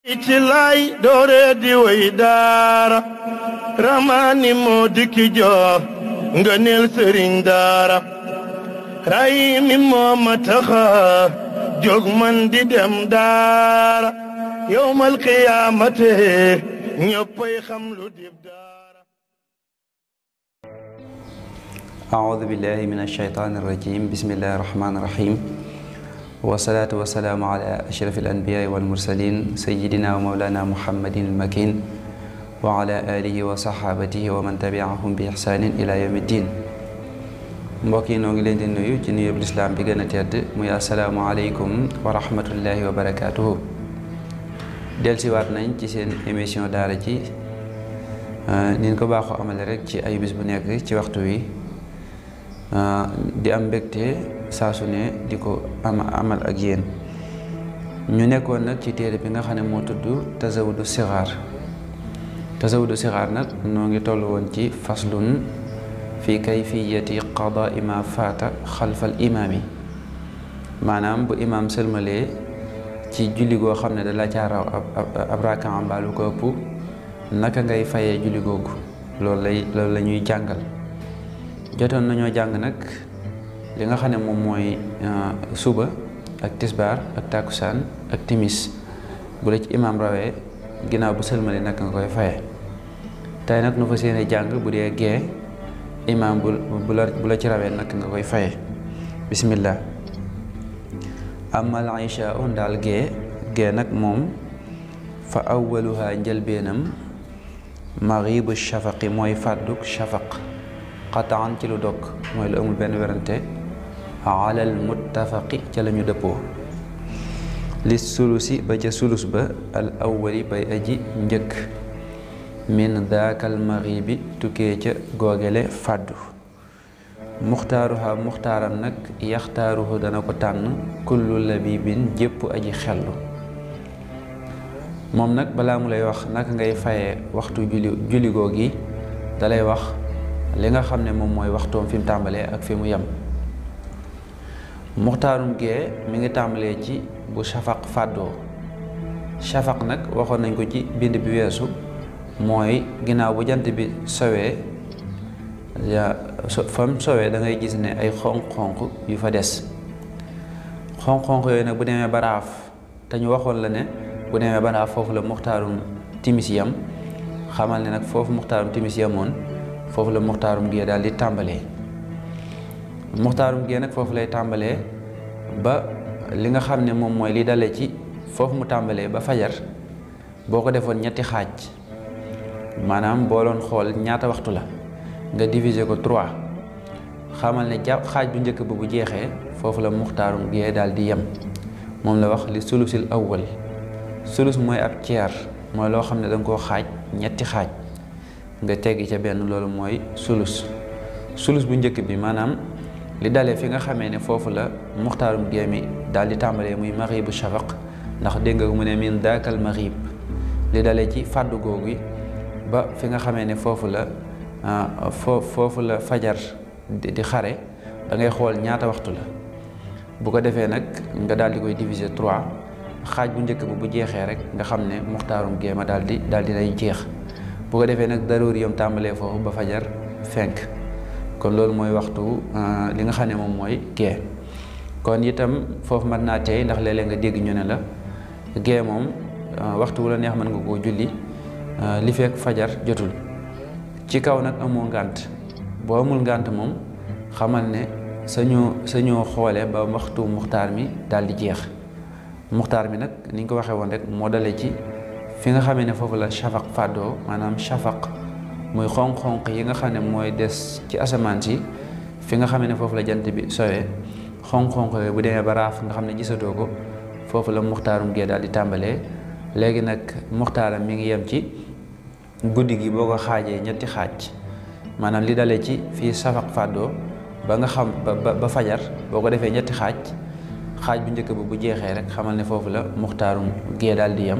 itilai dore di daara ramani moo dikki jox serindara raimi sëriñ daara jogman di dem daara yowmal qiyamate ñëppay xam lu dib daara أعوذ بالله من الشيطان الرجيم بسم الله الرحمن الرحيم والصلاة والسلام على أشرف الأنبياء والمرسلين سيدنا ومولانا محمد المكين وعلى آله وصحابته ومن تبعهم بإحسان إلى يوم الدين مباكي نوغي لين دين نيو جي نيو بالإسلام بيغانا تيرد ميا السلام عليكم ورحمة الله وبركاته ديل سي وات ناني سي سين ايميسيون دارا سي نين كو باخو امال ريك سي اي بيس بو نيك سي وقتو وي دي ام بكتي saa su ne di ko amal ak yéen ñu nekkoon nag ci téere bi nga xam ne moo tudd tasawudu sixaar tasawudu nag noo ngi toll woon ci faslun fi kayfiyati qadaa ima faata xalfal imaam yi maanaam bu imaam sëlmalee ci julli goo xam ne da la ca raw ab rakan mbaalu ko ëpp naka ngay fayee julli googu loolu lay loolu la jàngal jotoon nañoo jàng nag li nga xamne mom moy suba ak tisbar ak takusan ak timis bu la ci imam rawé ginaaw bu sëlmali nak nga koy faye tay nak nu fa jàng bu dé gé imam bu la bu la ci rawé nak nga koy faye bismillah amal aisha on dal gé gé nak mom fa awaluha njëlbeenam maribu shafaqi mooy fàdduk shafaq xataan ci lu dog mooy lu amul werante alal muttafaqi ca lañu ñu dëppoo li sulusi ba ca sulus ba al awwali bay aji njëkk min daakal bi tukkee ca googele fàddu muxtaaruha muxtaaram nag yaxtaaruhu dana ko tànn kullu labibin jépp aji xellu moom nag balaa mu lay wax naka ngay faye waxtu julli julli googi dalay wax li nga xam ne moom mooy waxtoom fi mu tàmbalee ak fi mu yem muxtaarum gee mi ngi tàmbalee ci bu shafaq fàddoo shafaq nag waxoon nañ ko ci bind bi weesu mooy ginnaaw bu jant bi sowee ya fam sowee dangay gis ne ay xonq-xonq yu fa des xonq-xonq yooyu nag bu demee baraaf te ñu waxoon la ne bu demee baraaf foofu la muxtaarum timis yam xamal ne nag foofu muxtaarum timis yamoon foofu la muxtaarum gee daal di tàmbalee muxtaarum gee nag foofu lay tàmbalee ba li nga xam ne moom mooy li dale ci foofu mu tàmbalee ba fajar boo ko defoon ñetti xaaj maanaam boo doon xool ñaata waxtu la nga diviser ko trois xamal ne jàpp xaaj bu njëkk bi bu jeexee foofu la muxtaarum gee daal di yem moom la wax li sulusil awwal sulus mooy ab ceer mooy loo xam ne danga ko xaaj ñetti xaaj nga teggi ca benn loolu mooy sulus sulus bu njëkk bi maanaam li dale fi nga xamee ne foofu la muxtaarum géemi daal di tàmbalee muy bu shafaq ndax dégg nga mu ne min daakal maxib li dale ci fàddu googu ba fi nga xamee ne foofu la ah, foo la fajar di xare da ngay xool ñaata waxtu la bu ko defee nag nga daal di koy diviser trois xaaj bu njëkk bi bu jeexee rek nga xam ne muxtaarum géema daal di daal di lay jeex bu ko defee nag daruur yam tàmbalee foofu ba fajar fenk kon loolu mooy waxtu euh, li nga xam ne moom mooy gee kon itam foofu mën naa tey ndax léeg nga dégg ñu ne la gee moom euh, waxtu wu la neex mën nga koo julli euh, li fekk fajar jotul ci kaw nag amoo ngànt boo amul ngànt moom xamal ne sañoo sañoo xoole ba waxtu muxtaar mi daal di jeex muxtaar mi nag ni ñu ko waxee woon rek moo dale ci fi nga xamee ne foofu la shafaq fàddoo maanaam shafaq muy xonq-xonq yi nga xam ne mooy des ci asamaan si fi nga xam ne foofu la jant bi sowee xonq-xonq bu demee ba nga xam ne gisatoo ko foofu la muxtaarum gee daal di tàmbalee léegi nag muxtaaram mi ngi yem ci guddi gi boo ko xaajee ñetti xaaj maanaam li dalee ci fii safaq fàddoo ba nga xam fajar boo ko defee ñetti xaaj xaaj bu njëkk ba bu jeexee rek xamal ne foofu la muxtaarum gee daal di yem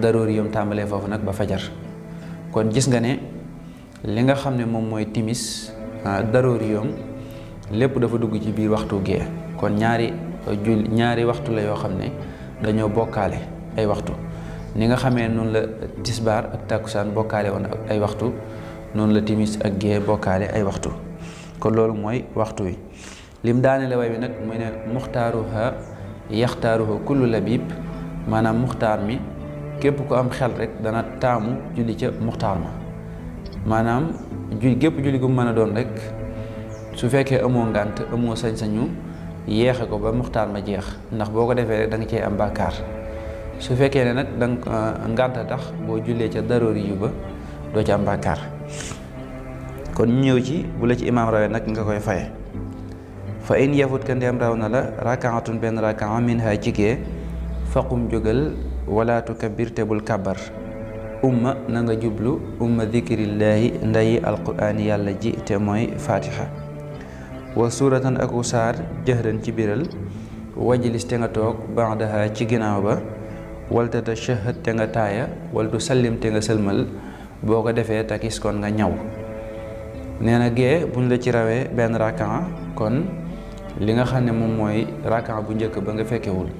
daroori yam tàmbalee foofu nag ba fajar kon gis nga ne li nga xam ne moom mooy timis ah, darooriyom lépp dafa dugg ci biir waxtu gee kon ñaari euh, jul ñaari waxtu la yoo xam ne dañoo bokkaale ay waxtu ni nga xamee noonu la tisbaar ak takkusaan bokkaale woon ak ay waxtu noonu la timis ak gee bokkaale ay waxtu kon loolu mooy waxtu wi lim daane la way bi nag mu ne muxtaaruha yaxtaaruha kullu labib maanaam muxtaar mi képp ku am xel rek dana taamu julli ca muxtaar ma maanaam ju gépp julli gu mu mën a doon rek su fekkee amoo ngànt amoo sañ-sañu yeexe ko ba muxtaar ma jeex ndax boo ko defee danga da cee am bàkkaar su fekkee ne nag danga ko euh, ngànta tax boo jullee ca daroori yu ba doo ci am bàkkaar kon ñëw ci bu la ci imaam rawee nag nga koy faye fa in yafut ka ndeem raw na la rakaatun benn rakaa min ha jigee faqum jógal wala tukabbir te bul kàbbar umma na nga jublu umma dikrillaahi ndayi alquraan yàlla ji te mooy fatiha wa suuratan aku saar jëhran ci biral wajlis te nga toog baxdaha ci ginnaaw ba walta tashahad te nga taaya waltu sallim te nga sëlmal boo ko defee takis kon nga ñaw nee na gee buñ la ci rawee benn rakan kon li nga xam ne moom mooy rakan bu njëkk ba nga fekkewul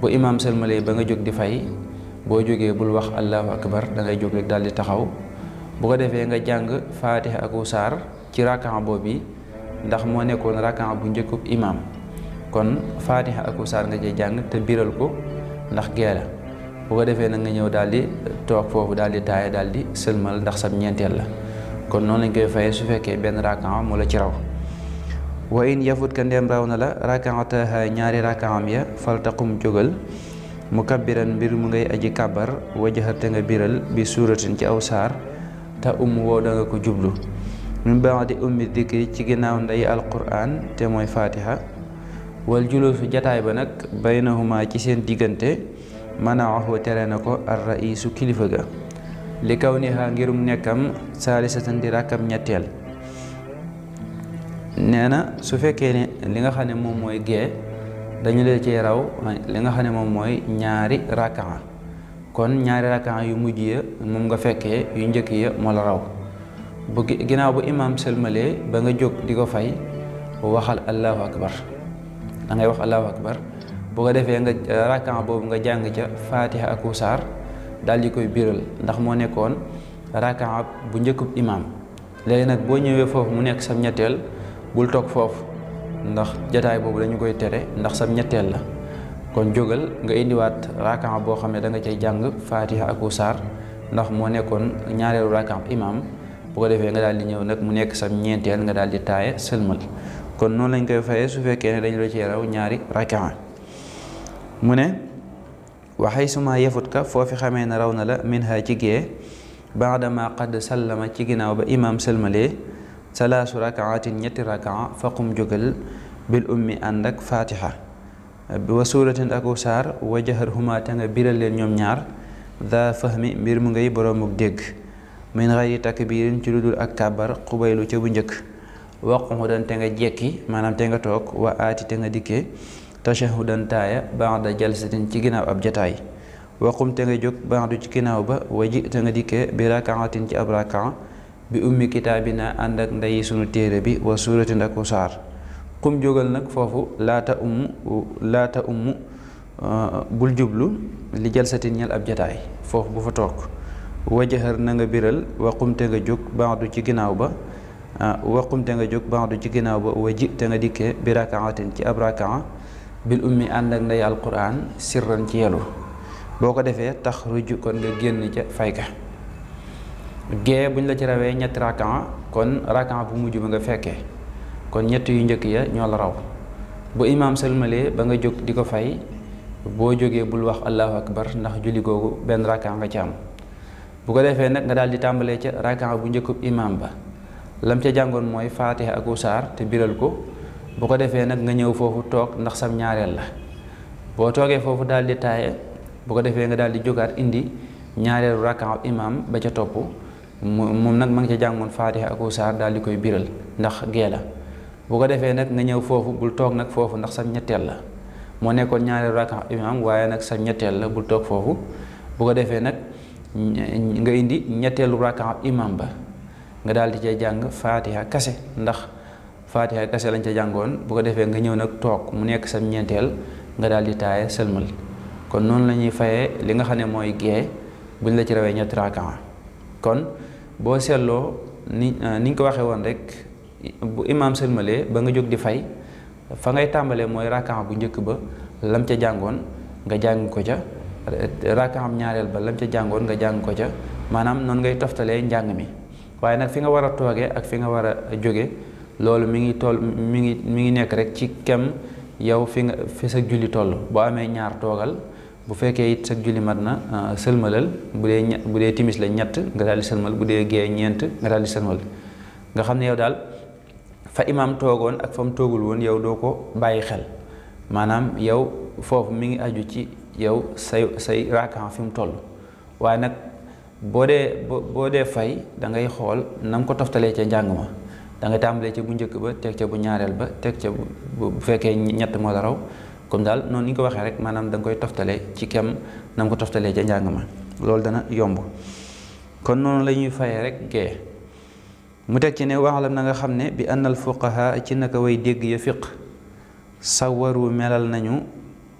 bu imaam sëlmalee ba nga jóg di fay boo jógee bul wax allahu akbar da ngay jóg rek daal di taxaw bu ko defee nga jàng faatiha ak saar ci rakan boobu yi ndax moo nekkoon rakan bu njëkkub imaam kon faatiha ak saar nga cay jàng te biiral ko ndax gee la bu ko defee nag nga ñëw daal di toog foofu daal di taaya daal di sëlmal ndax sab ñeenteel la kon noonu lañ koy fayee su fekkee benn rakan mu la ci raw wa yafut ka ndem raw na la rakan taha ñaari rakanam ya faltaqum jógal mukabbiran mbir mu ngay aji kàbbar wajaxate nga biral bi suuratin ci aw saar te umu woo da ko jublu min baadi ummi dikri ci ginnaaw nday alquran te mooy fatiha wal juluusu jataay ba nag baynahuma ci seen diggante manaahu tere na ko ar kilifa ga li kaw niha ngirum nekkam saalisatan di rakkam ñetteel nee na su fekkee ne li nga xam ne moom mooy gee dañu leen ci raw li nga xam ne moom mooy ñaari rakaa kon ñaari rakaa yu mujj ya moom nga fekkee yu njëkk ya moo la raw bu ginnaaw bu imaam sëlmalee ba nga jóg di ko fay waxal allahu akbar da ngay wax allahu akbar bu ko defee nga rakaa boobu nga jàng ca faatiha ak saar daal di koy biral ndax moo nekkoon rakaa bu njëkkub imaam léegi nag boo ñëwee foofu mu nekk sam ñetteel bul toog foofu ndax jataay boobu dañu koy tere ndax sam ñetteel la kon jógal nga indiwaat rakan boo xam ne da nga jàng fatiha aku saar ndax moo nekkoon ñaareelu rakan imam bu ko defee nga daal di ñëw nag mu nekk sam ñeenteel nga daal di taaye sëlmal kon noonu lañ koy fayee su fekkee ne dañu la cee raw ñaari rakan mu ne waxay suma yefut ka foofi xamee ne raw na la min ha ci gee baadama qad sallama ci ginnaaw ba imaam sëlmalee salaasu rakaatin ñetti rakaa faqum jógal bil ummi ànd ak fatiha wa suuratin ak saar wa jaxar huma te nga biral leen ñoom ñaar daa fahmi mbir mu ngay boroomuk dégg min xayri takbiirin ci lu dul ak kàbbar xubaylu ca bu njëkk waqudan te nga jekki maanaam te nga toog wa aati te nga dikkee tashahudan taaya baada jalsatin ci ginnaaw ab jataay waqum te nga jóg baadu ci ginnaaw ba wa ji te nga dikkee bi rakaatin ci ab rakaa bi ummi kitaabina ànd ak ndeyi sunu téere bi wa suuratin ak saar xum jógal nag foofu laata umm laata umm bul jublu li jalsatin ñel ab jataay foofu bu fa toog wajaxar na nga biral waqumte nga jóg baadu ci ginnaaw ba waqumte nga jóg baadu ci ginnaaw ba wa ji nga dikkee bi rakaatin ci ab bil ummi ànd ak ndey alquran sirran ci yelu boo ko defee kon nga génn ca fayka gee buñ la ci rawee ñetti rakan kon rakan bu mujj ba nga fekkee kon ñett yu njëkk ya ñoo la raw bu imaam sëlmalee ba nga jóg di ko fay boo jógee bul wax allahu akbar ndax julli googu benn rakan nga ci am bu ko defee nag nga daal di tàmbalee ca rakan bu njëkkub imaam ba lam ca jàngoon mooy faatiha ak saar te biral ko bu ko defee nag nga ñëw foofu toog ndax sam ñaareel la boo toogee foofu daal di taaye bu ko defee nga daal di jógaat indi ñaareelu rakan imaam ba ca topp moom nag ma ngi ci jàngoon faatiha ak saar daal di koy biral ndax gee la bu ko defee nag nga ñëw foofu bul toog nag foofu ndax sam ñetteel la moo nekkoon ñaari raka imaam waaye nag sam ñetteel la bul toog foofu bu ko defee nag nga indi ñetteelu raka imaam ba nga daal di cay jàng faatiha kase ndax faatiha kase lañ ca jàngoon bu ko defee nga ñëw nag toog mu nekk sam ñeenteel nga daal di taaye sëlmal kon noonu la ñuy fayee li nga xam ne mooy gee buñ la ci rawee ñetti raka kon boo seetloo ni euh, ni ñu ko waxee woon rek bu imaam sëlmalee ba nga jóg di fay fa ngay tàmbalee mooy rakkaan bu njëkk ba lam ca jàngoon nga jàng ko ca rakkaan ñaareel ba lam ca jàngoon nga jàng ko ca maanaam noonu ngay toftalee njàng mi waaye nag fi nga war a toogee ak fi nga war a jóge loolu mi ngi toll mi ngi mi ngi nekk rek ci kem yow fi nga fi sa julli toll boo amee ñaar toogal bu fekkee it sag julli mat na sëlmalal bu dee bu dee timis la ñett nga daal di sëlmal bu dee gee ñeent nga daal di sëlmal nga xam ne yow daal fa imaam toogoon ak fa mu toogul woon yow doo ko bàyyi xel maanaam yow foofu mi ngi aju ci yow say say raakaan fi mu toll waaye nag boo dee boo dee fay da ngay xool na ko toftalee ca njàng ma da ngay tàmbalee ca bu njëkk ba teg ca bu ñaareel ba teg ca bu bu fekkee ñett moo la raw comme dal non ni ko waxe rek manam dang koy toftale ci kem na ko toftale ca njàng lol dana yomb kon non lañuy fayé rek gee mu tek ci ne waxalam na nga xamne bi bi al fuqaha ci naka way deg ya fiq sawaru melal nañu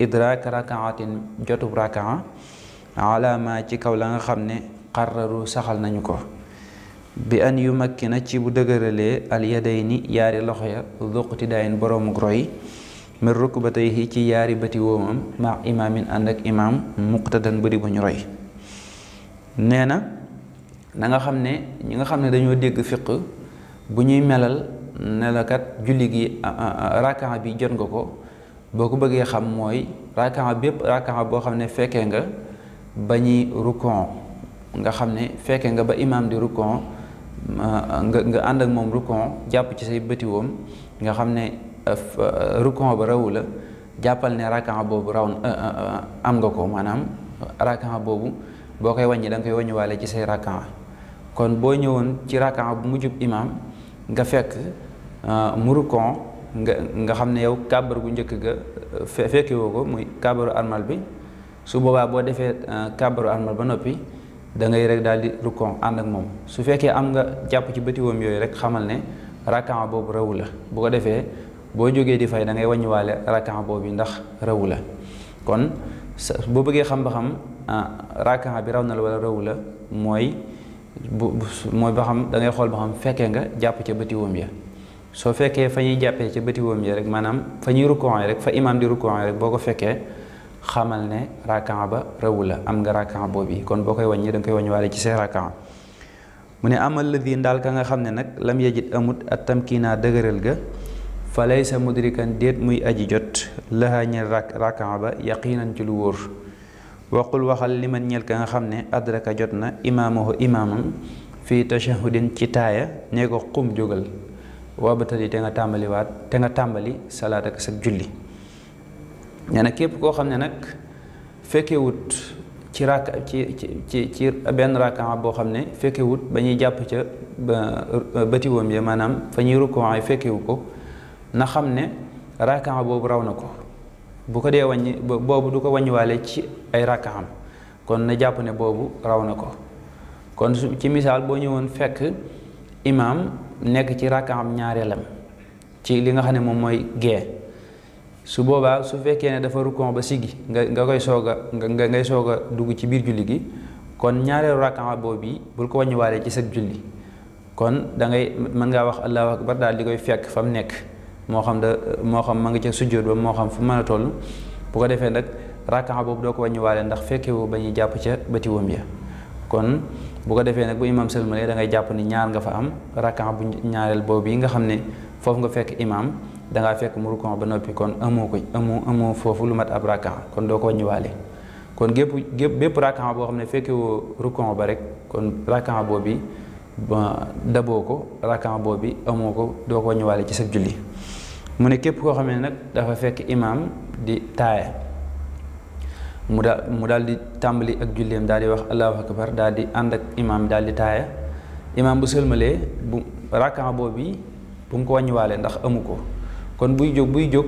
rak'atin jotu rak'a ala ma ci kaw la nga xamne qarraru saxal nañu ko bi an yumakkina ci bu dëgëralee al yadayni yari loxoya duqti daayin boroomu min rukbatayhi ci yaari bati womam ma imamin and imam muqtadan bari buñu roy neena na nga xamne ñi nga xamne dañoo dégg fiq bu ñuy melal ne julli gi raka bi jot nga ko boko bëggee xam mooy raka bépp raka boo xam ne fekkee nga ba ñuy rukon nga xam ne fekkee nga ba imam di rukon nga nga ànd ak moom rukon jàpp ci say bëtiwoom nga xam Euh, euh, rukon ba rawu la jàppal ne rakan boobu raw euh, am nga ko maanaam rakan boobu boo koy wàññi da nga koy wàññiwaale ci say rakan kon boo ñëwoon ci rakan bu mujjub imaam nga fekk mu rukon nga xam ne yow kàbbar gu njëkk ga fekke woo ko muy kàbbaru armal bi su boobaa boo defee kàbbaru armal ba noppi da ngay rek daal di rukon ànd ak moom su fekkee am nga jàpp ci bëtiwoom yooyu rek xamal ne rakan boobu rawu la bu ko defee boo jógee di fay da ngay wàññiwaale rakan boobu ndax rawu la kon boo bëggee xam ba xam ah, rakan bi raw na la wala rawu la mooy bu mooy ba xam da ngay xool ba xam fekkee nga jàpp ca bëti wóom ya soo fekkee fa ñuy jàppee ca bëti wóom ya rek maanaam fa ñuy rukkoon rek fa imaam di rukkoon rek boo ko fekkee xamal ne rakan ba rawu la am nga rakan boobu kon boo koy wàññi da nga koy wàññiwaale ci seen rakan mu ne amal la di ndaal ka nga xam ne nag lam yajit amut at tamkiinaa dëgëral ga فليس مدركا ديت مي اجي جوت لها نيل راك راك عبا يقينا تلور وقل وخل لمن نيل كان خمني ادرك جوتنا امامه اماما في تشهد كتايا نيكو قوم جوجل وابتدي تنغا تامبلي وات تنغا تامبلي صلاتك سك جولي نانا يعني كيب كو خمني نك فكي ووت ci rak ci ci ci ben rakam bo xamne fekke wut bañuy japp ci ba beti wam ya manam fañuy rukua ay fekke wuko na xam ne rakaa boobu raw na ko bu ko dee wàññi boobu du ko wàññiwaale ci ay rakaam kon na jàpp ne boobu raw na ko kon ci misaal boo ñëwoon fekk imaam nekk ci rakaam ñaareelam ci li nga xam ne moom mooy gee su boobaa su fekkee ne dafa rukon ba siggi nga nga koy soog a nga ngay soog a dugg ci biir julli gi kon ñaareelu rakaam boobu bul ko wàññiwaale ci sa julli kon dangay ngay mën ngaa wax allahu ba daal di koy fekk fa mu nekk moo xam da moo xam ma nga ca sujjóot ba moo xam fu mën a toll bu ko defee nag rakaxa boobu doo ko wàññiwaale ndax fekkewu ba ñuy jàpp ca batiwam ya kon bu ko defee nag bu imaam sëlmalee da ngay jàpp ni ñaar nga fa am rakaxa bu ñaareel boobu yi nga xam ne foofu nga fekk imaam dangaa fekk mu rukon ba noppi kon amoo ko amoo amoo foofu lu mat ab rakaxa kon doo ko wàññiwaale kon gépp gépp bépp rakaxa boo xam ne fekkewoo rukon ba rek kon rakaxa boobu daboo ko rakaxa boobu amoo ko doo ko wàññiwaale ci sa julli mu ne képp koo xam ne nag dafa fekk imaam di taaye mu daal mu dal di tàmbali ak julleem daal di wax allahu akbar daal di ànd ak imaam daal di taaye imaam bu sëlmalee bu rakkan boobu bu mu ko wàññiwaale ndax amu ko kon buy jóg buy jóg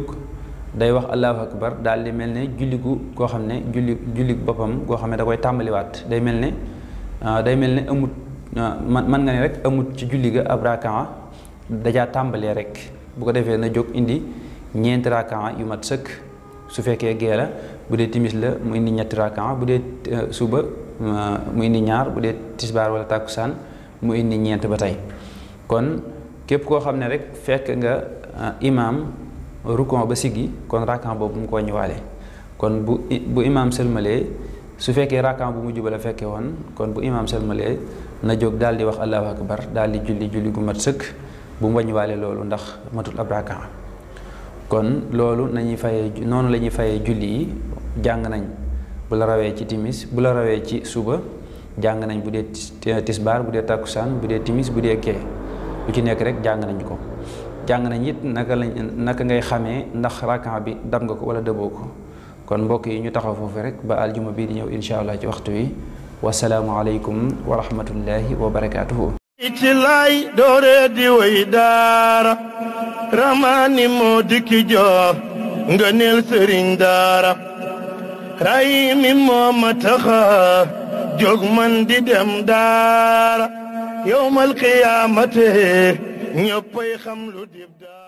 day wax allahu akbar daal di mel ne julligu koo xam ne julli julli boppam koo xam ne da koy tàmbaliwaat day mel ne ah, day mel ne amut ah, man man nga ne rek amut ci julli ga ab rakkan dajaa tàmbalee rek bu ko defee na jog indi ñeenti rakan yu mat sëkk su fekkee gee la bu dee timis la mu indi ñetti rakan bu dee euh, suba euh, mu indi ñaar bu wala takusan mu indi ñeent ba kon képp koo xam ne rek fekk nga euh, imam rukon ba sigi kon rakan boobu mu ko kon bu bu imaam sëlmalee su fekkee rakan bu mujj ba la fekkee kon bu imam sëlmalee na jog dal di wax allahu akbar dal di julli julli gu mat bu mu wañwaale loolu ndax matul ab rakaa kon loolu nañuy fayee noonu la ñuy fayee julli yi jàng nañ bu la rawee ci timis bu la rawee ci suba jàng nañ bu dee tisbaar bu dee takkusaan bu dee timis bu dee kee bu ci nekk rek jàng nañ ko jàng nañ it naka lañ naka ngay xamee ndax rakaa bi dab nga ko wala dëboo ko kon mbokk yi ñu taxaw foofu rek ba aljuma bii di ñëw incha allah ci waxtu wi wasalaamualeykum wa rahmatullahi wa barakaatuhu ci lay doore daara ramani moo dikki nga neel daara ray mi moo taxa jóg man di dem daara yowmal qiyaamate ñëppay xam lu dib daara